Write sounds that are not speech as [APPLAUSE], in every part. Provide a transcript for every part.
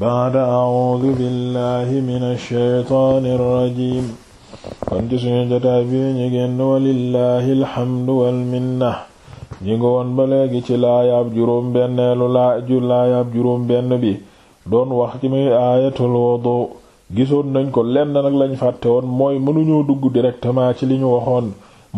baada audu billahi min alsheytaan irrajim kon ci suñu jotaay bi ñu génn walillahi alhamdu walminna ñi ngi woon ba léegi ci laayaab juróom benneelu laaju laayaab benn bi doon wax ci muy aayatul wudu gisoon nañ ko lenn nag lañ fàtte woon mooy mënuñoo dugg directement ci li ñu waxoon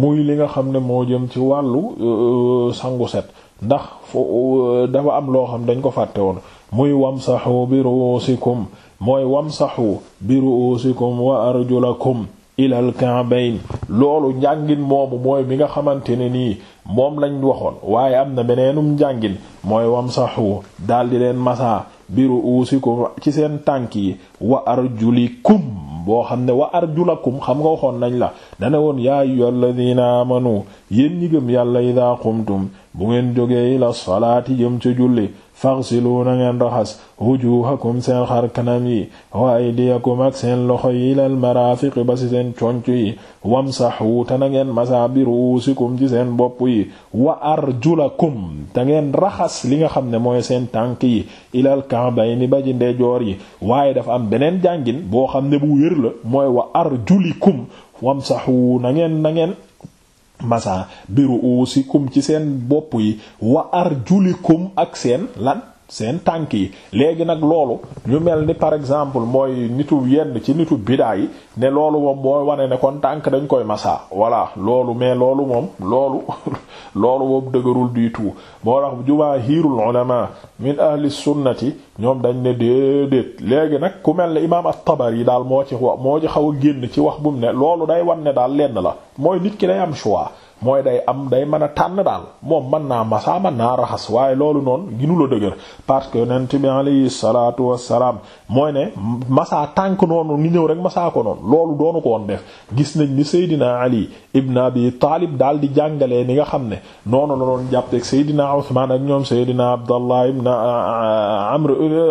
muy li nga xam ne moo jëm ci wàllu euh, sangu set ndax fo euh, dafa am loo xam dañ ko fàtte woon muy wamsahu bi ru'usikum mooy wamsahu bi ru'usikum wa arjulakum ilal ka'bayn loolu njàngin moomu mooy bi nga xamante ne nii moom lañ waxoon waaye am na beneenum njàngin mooy wamsahu daldi leen masa bi ko ci seen tànk yi wa arjulikum boo xam ne wa arjulakum xam nga waxoon nañ la dane woon yaa ayyuhal ladina amanu yéen ñi gëm yàlla idaa qumtum bu ngeen jógee ila salaati jëm ca julli faghsilu na ngeen raxas wujuhakum seen xar kanam yi wa aydiyakum ak seen loxo yi ilal marafiqi ba ci seen conc yi wamsahu te na ngeen masa bi ruusikum ci seen bopp yi wa arjulakum te ngeen raxas li nga xam ne mooy seen tànk yi ilal ka'bayni ba ci ndejoor yi waaye dafa am beneen jàngin boo xam ne bu wér la mooy wa arjulikum wamsahu na ngeen na masa biru uusikum ci seen bopp yi wa arjulikum ak seen lan seen tànk yi léegi nag loolu ñu mel ni par exemple mooy nitu yenn ci nitu bidaa yi ne loolu moom mooy wane ne kon tànk dañ koy masaa voilà loolu mais loolu moom loolu [LAUGHS] loolu moom dëgërul du tout moo tax jumaahiirul ulamaa min ahli sunnati ñoom dañ ne déedéet léegi nag ku mel ne imaam at yi daal moo ci moo ci xaw a génn ci wax bu mu ne loolu day wan ne daal lenn la mooy nit ki day am choix. mooy day am day man a tànn daal moom man naa masa mën naa raxas waaye loolu noonu ginu la dëgër parce que yonent bi alayhi salaatu wassalaam mooy ne masa tànk noonu ni ñëw rek masa ko noonu loolu doonu ko gis nañ ni Seydina Ali ibn Abi Taalib daal di jàngalee ni nga xam ne noonu la doon jàppeeg Seydina Usmaan ak ñoom Seydina Abdallah ibn Amr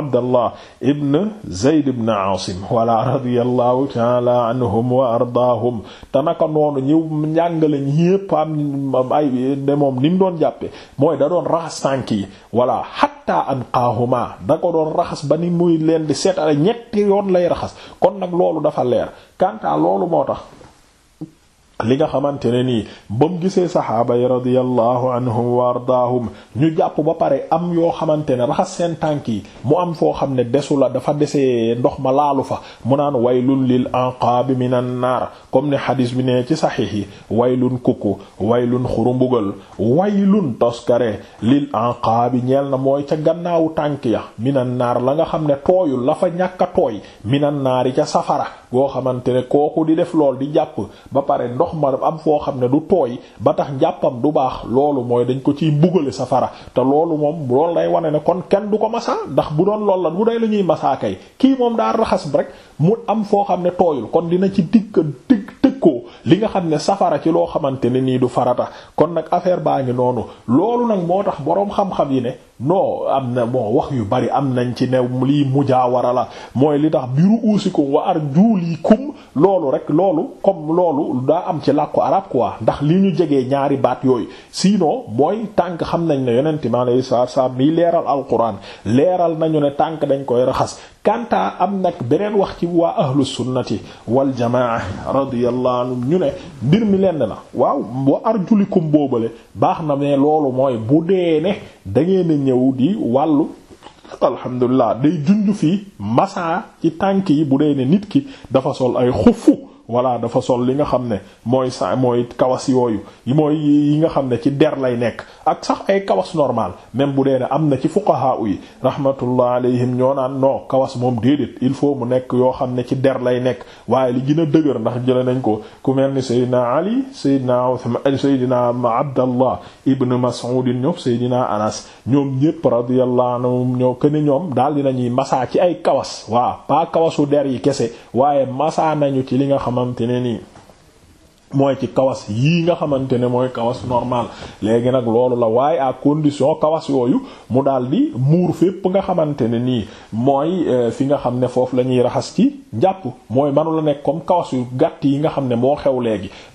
Abdallah ibn Zayd ibn Aasim wala radiyallahu ta'ala anhum wa ardaahum te naka noonu ñi njàngale ñépp am ay de moom ni mu doon jàppe mooy da doon raxas tànk yi voilà xatta am qaahuma da ko doon raxas ba ni muy leen di seetale ñetti yoon lay raxas kon nag loolu dafa leer quant à loolu moo tax li nga xamante ne nii ba mu gisee saxaaba yi radiyallahu anhum wa ardaahum ñu jàpp ba pare am yoo xamante ne raxas seen tànk yi mu am foo xam ne desu la dafa desee ndox ma laalu fa mu naan waylun lil anqaabi minan naar comme ni xadis bi ne ci saxiix yi waylun kukku waylun xurumbugal waylun toskare lil anqaabi ñeel na mooy ca gannaawu tànk ya minan naar la nga xam ne tooyul la fa ñàkk a tooy minan yi ca safara goo xamante ne kooku di def lool di jàpp ba pare ma am foo xam ne du tooy ba tax njàppam du baax loolu mooy dañ ko ciy mbugale safara te loolu moom loolu day wane ne kon kenn du ko masa ndax bu doon lool la bu day la ñuy masaa kay kii moom daa raxas rek mu am foo xam ne tooyul kon dina ci digg digg koo li nga xam ne safara ci loo xamante ne nii du farata kon nag affaire baa ngi noonu loolu nag moo tax boroom xam-xam yi ne non am na bon wax yu bari am nañ ci new lii mujaawara la mooy li tax biru uusikum wa arjulikum loolu rek loolu comme loolu daa am ci làkku arab quoi ndax li ñu jegee ñaari baat yooyu sinon mooy tànk xam nañ ne yonent mi alayhi salaatu salaam bi leeral alquran leeral nañu ne tànk dañ koy raxas kanta am nag beneen wax ci waa ahlu sunnati wal jamaa radiyallahu ñu ne mbir mi lenn na waaw wa arjulikum boobale baax na mais loolu mooy bu dee ne da ñëw di wàllu alhamdulilah day junj fii masaa ci tànk yi bu dee ne nit ki dafa sol ay xufu voilà dafa sol li nga xam ne mooy sa mooy kawas yooyu mooy yi nga xam ne ci der lay nekk ak sax ay kawas normal même bu dee ne am na ci fuqaha yi rahmatullah alayhim ñoo naan noo kawas moom déedéet il faut mu nekk yoo xam ne ci der lay nekk waaye li gën a dëgër ndax jële nañ ko ku mel ni Seydina Ali Seydina Uthman eh, Seydina Abdallah ibn Mas'ud ñoom Seydina Anas ñoom ñépp radiyallahu anhum ñoo këne ñoom daal dinañuy masaa ci ay kawas waaw pas kawasu der yi kese waaye masaa ci li nga xam xamante ne mooy ci kawas yii nga xamante ne mooy kawas normal léegi nag loolu la waaye à condition kawas yooyu mu daal di muur fépp nga xamante ne nii mooy euh, fi nga xam ne foofu la ñuy raxas ci njàpp mooy manu la nekk comme kawas yu gàtt yi nga xam ne moo xew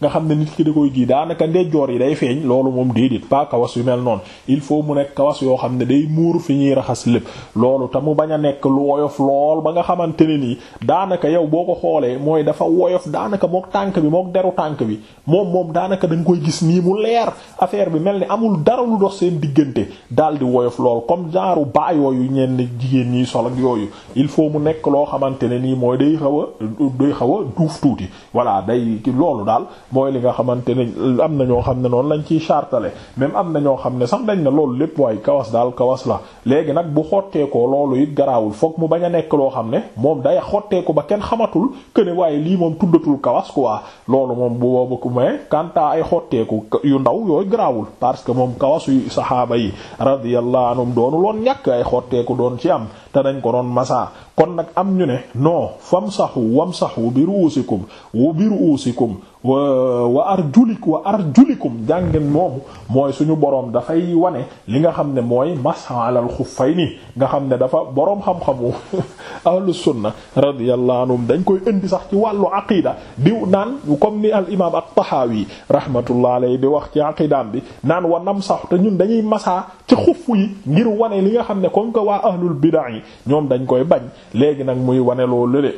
nga xam ne nit ki da koy gii daanaka ndeyjoor yi day loolu moom déedéet pas kawas yu mel noonu il faut mu nekk kawas yoo xam ne day muur fi ñuy raxas lépp loolu te mu bañ a nekk lu woyof lool ba nga xamante ne nii daanaka yow boo ko xoolee mooy dafa woyof daanaka mook tànk bi mook deru tànk bi moom moom daanaka da nga koy gis nii mu leer affaire bi mel ni amul dara lu dox seen diggante daal di woyof lool comme genre baa yooyu ñenn jigéen ñi sol yooyu il faut mu nekk loo xamante ne nii mooy day xaw a xaw a duuf tuuti voilà day loolu daal mooy li nga xamante ne am na ñoo xam ne noonu lañ ciy chartale même am na ñoo xam ne sax dañ ne loolu lépp waaye kawas daal kawas la léegi nag bu xotteekoo loolu it foog mu bañ a nekk loo xam ne moom day xotteeku ba kenn xamatul que ne waaye lii moom tuddatul kawas quoi loolu moom boobu ku may kanta ay xotteeku yu ndaw yooyu garaawul parce que moom kawasu saxaaba yi radiyallahu anhum doonu loon ñàkk ay xotteeku doon ci am te dañ ko doon masaa kon nag am ñu ne noo non famsahu wamsahu bi ruusikum wa bi ruusikum wa arjulik wa arjulikum jàngeen moomu mooy suñu boroom dafay wane li nga xam ne mooy masah alal xuffayni nga xam ne dafa boroom xam-xamu [LAUGHS] ahlus sunna radiyallahu anhum dañ koy indi sax ci wàllu aqida di naan comme ni al imam at-Tahawi rahmatullah alayhi di wax ci aqidaam bi naan wa nam sax te ñun dañuy masaa ci xuff yi ngir wane li nga xam ne comme que waa ahlul bid'a yi ñoom dañ koy bañ léegi nag muy wane loo lële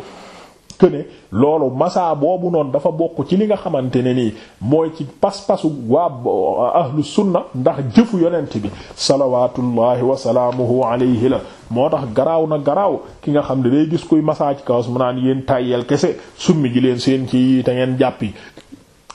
këne loolu masaa boobu noonu dafa bokk ci li nga xamante ne nii mooy ci pas-pasu waa ah, ahlu sunna ndax jëfu yonent bi salawatullahi wasalaamuhu alayhi la moo tax garaaw na garaaw ki nga xam ne day gis kuy massa ci kawas mu naan yéen tàyyel kese summi ji leen seen ci te ngeen jàppi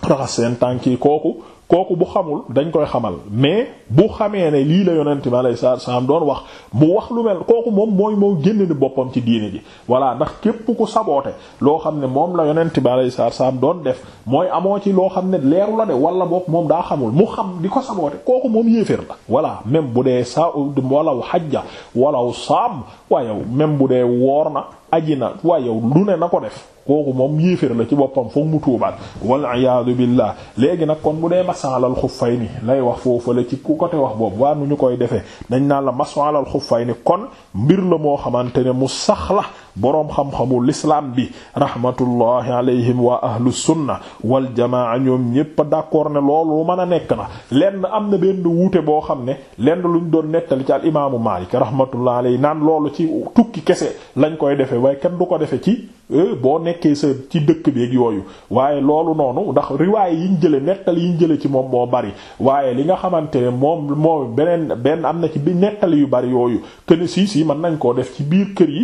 raxas seen tànk kooku kooku bu xamul dañ koy xamal mais bu xamee ne lii la yonent bi alayhi salaatu salaam doon wax mu wax lu mel kooku moom mooy moo génn ni boppam ci diine ji voilà ndax képp ku saboote loo xam ne moom la yonent bi alayhi salaatu salaam doon def mooy amoo ci loo xam ne leeru la de wala boog moom daa xamul mu xam di ko saboote kooku moom yéeféer la voilà même bu dee sa walaw ja walaw saam waaye même bu dee woor na aji na waaye lu ne na ko def kooku moom yéeféer la ci boppam foog mu tuubaat wal iyaadu billah léegi nag kon bu dee masalal xuffayni lay wax foofa la ci ku côté wax boobu waa nu ñu koy defee dañ naa la fay xuffayni kon mbir la moo xamante ne mu sax la boroom xam-xamu l'islam bi rahmatullahi alayhim waa ahlu sunna wal jamaa ñoom ñépp a d'accord ne loolu mën a nekk na lenn am na benn wuute boo xam ne lenn luñ doon nettali ci al imaamu Maalik rahmatullahi alayhi naan loolu ci tukki kese lañ koy defee waaye kenn du ko defee ci euh, boo nekkee sa ci dëkk bi yooyu waaye loolu noonu ndax riwaay yiñ jële nettali yiñ jële ci moom moo bari waaye li nga xamante ne moom moom beneen benn am na ci bi nettali yu bari yooyu que si mën nañ koo def ci biir kër yi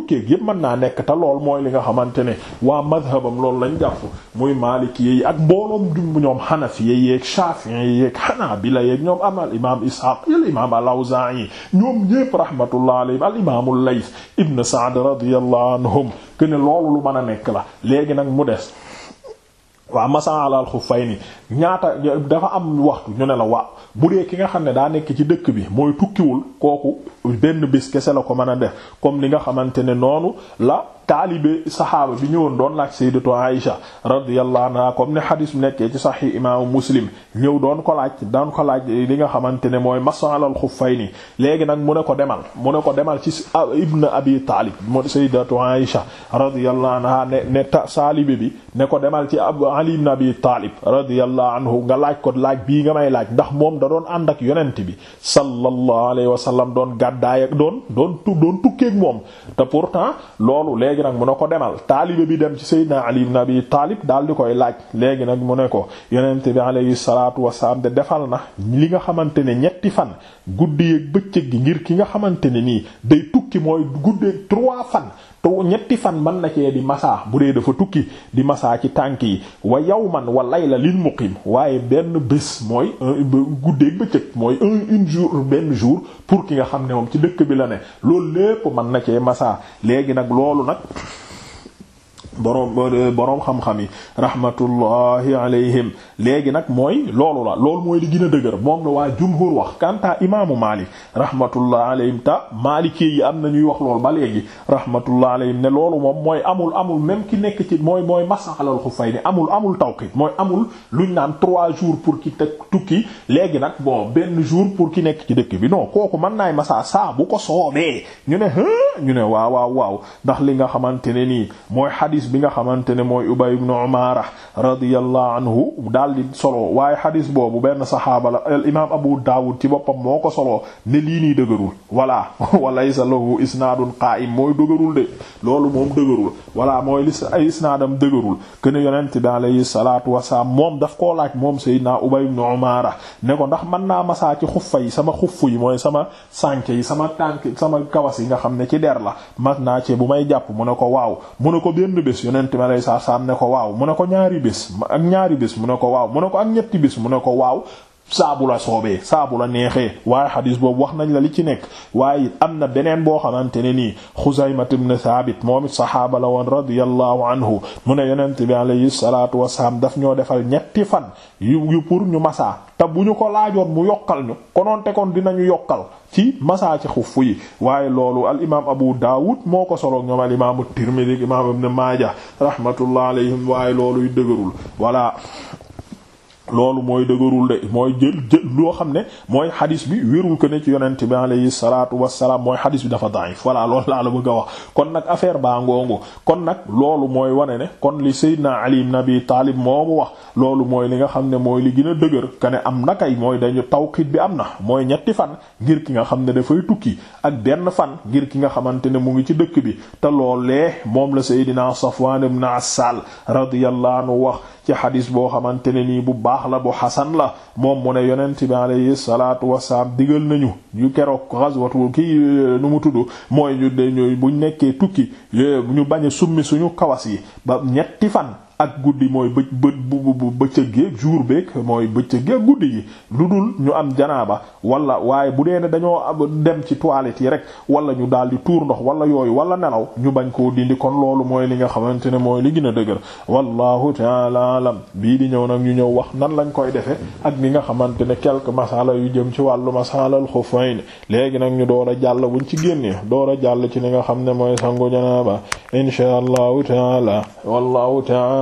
tukkeeg yëpp mën naa nekk te lool mooy li nga xamante ne waa madhabam loolu lañ jàpp muy maliki yi ak mbooloom jumbu ñoom xanafi yi yeeg shafi'i yeeg hanabila yeeg ñoom am al imam ishaq al imam al awza'i ñoom ñépp rahmatullah alayhim al imam al layth ibn sa'd radiyallahu anhum que ne loolu lu mën a nekk la léegi nag mu des waa masan alal xuffayni ñaata dafa am waxtu ñu ne la waaw bu dee ki nga xam ne daa nekk ci dëkk bi mooy tukkiwul kooku benn bis kese la ko mën a def comme li nga xamante ne noonu la taalibe saxaaba bi ñëwoon doon laaj sayyidatu Aisha radiyallahu anha comme ne xadis bi nekkee ci sahih imaamu muslim ñëw doon ko laaj doon ko laaj li nga xamante ne mooy masalal xuffayni léegi nag mu ne ko demal mu ne ko demal ci ibn abi taalib moo sayyidatu Aisha radiyallahu anha ne ta taalibe bi ne ko demal ci abu ali ibn abi taalib radiyallahu anhu nga laaj ko laaj bii nga may laaj ndax moom da doon ànd ak yonent bi sallallahu alayhi wa sallam doon gàddaay ak doon doon doon tukkeek moom te léegi nag mu ne ko demal taalibe bi dem ci Seydina Ali ibn Abi Taalib daal di koy laaj léegi nag mu ne ko yonent bi alayhi salaatu wasalaam de defal na li nga xamante ne ñetti fan guddi ak bëccëg gi ngir ki nga xamante ne nii day tukki mooy guddee trois fan te ñetti fan man na cee di masaa bu dee dafa tukki di masaa ci tànk yi yow wa yawman lay la lil muqim waaye benn bés mooy guddeeg bëccëg mooy un jour benn jour pour ki nga xam ne moom ci dëkk bi la ne loolu lépp mën na cee masaa léegi nag loolu nag boroom boroom xam-xam yi rahmatullahi alayhim léegi nag mooy loolu la loolu mooy li gën a dëgër moom la waa jumhur wax kanta imaamu Maalik rahmatullahi alayhim ta Maalik yi am na ñuy wax lool ba léegi rahmatullahi alayhim ne loolu moom mooy amul amul même ki nekk ci mooy mooy masaxalal xufay ni amul amul tawqit mooy amul lu ñu naan trois jours pour ki teg tukki léegi nag boo benn jour pour ki nekk ci dëkk bi non kooku mën naay masa saa bu ko soobee ñu ne ñu xadis bi nga xamante ne mooy Ubay ibn Umaara radiyallahu anhu daal di solo waaye xadis boobu benn saxaaba la al imaam Abu Daawud ci boppam moo ko solo ne lii nii dëgërul voilà [LAUGHS] walaysa lahu isnaadun qaa'im mooy dëgërul de loolu moom dëgërul voilà mooy li ay isnaadam dëgërul que ne yonent bi alayhi salaatu wasalaam moom daf koo laaj moom Seydina Ubay ibn Umaara ne ko ndax mën naa masaa ci xuffa yi sama xuff yi mooy sama sànke yi sama tànk sama kawas yi nga xam ne ci der la mas naa ci bu may jàpp mu ne ko waaw mu ne ko benn bés yonent ma lay saa saam ne ko waaw mu ne ko ñaari bés ak ñaari bés mu ne ko waaw mu a ko ak ñetti bés mu ne ko waaw saabu la soobee saabu la neexee waaye xadis boobu wax nañ la li ci nekk waaye am na beneen boo xamante ne nii Xuzaymat ibn Thabit moom it saxaaba la woon radiyallahu anhu mu ne yonent bi alayhi salaatu wasalaam daf ñoo defal ñetti fan yu yu pour ñu masaa te bu ñu ko laajoon mu yokkal ñu konoon te kon dinañu yokkal ci masaa ci xuff yi waaye loolu al imaam Abu Dawud moo ko solo ñoom al imaam Tirmidhi imaam Ibn Maaja rahmatullah alayhim waaye loolu yu dëgërul voilà. loolu mooy dëgërul de mooy jël jël loo xam ne mooy xadis bi wérul ko ne ci yonent bi alayhi salaatu wassalaam mooy xadis bi dafa daif voilà loolu laa la bëgg a kon nag affaire baa ngoongu kon nag loolu mooy wane ne kon li Seydina Ali ibn Abi Taalib moomu wax loolu mooy li nga xam ne mooy li gën a dëgër que ne am na kay mooy dañu tawqiit bi am na mooy ñetti fan ngir ki nga xam ne dafay tukki ak benn fan ngir ki nga xamante ne mu ngi ci dëkk bi te loolee moom la Seydina Safwaan ibn Assaal radiyallahu anhu wax ci xadis boo xamante nii bu baax baax la bu xasan la moom mu ne yonent bi alayhi salaatu wasalaam digal nañu ñu keroog ghazwatu ki nu mu tudd mooy ñu de buñ nekkee tukki ñu bañ a summi suñu kawas yi ba ñetti fan ak guddi mooy bë bë bu bëccëg gi jour beeg mooy bëccëg gi ak guddi gi lu dul ñu am janaaba wala waaye bu dee ne dañoo dem ci toilette yi rek wala ñu daal di tuur ndox wala yooyu wala nelaw ñu bañ koo dindi kon loolu mooy li nga xamante ne mooy li gën a dëgër wallahu taala alam bii di ñëw nag ñu ñëw wax nan lañ koy defee ak li nga xamante ne quelques masala yu jëm ci wàllu masalal xufayn léegi nag ñu door a jàll wuñ ci génnee door a jàll ci ni nga xam ne mooy sangu janaaba insha allahu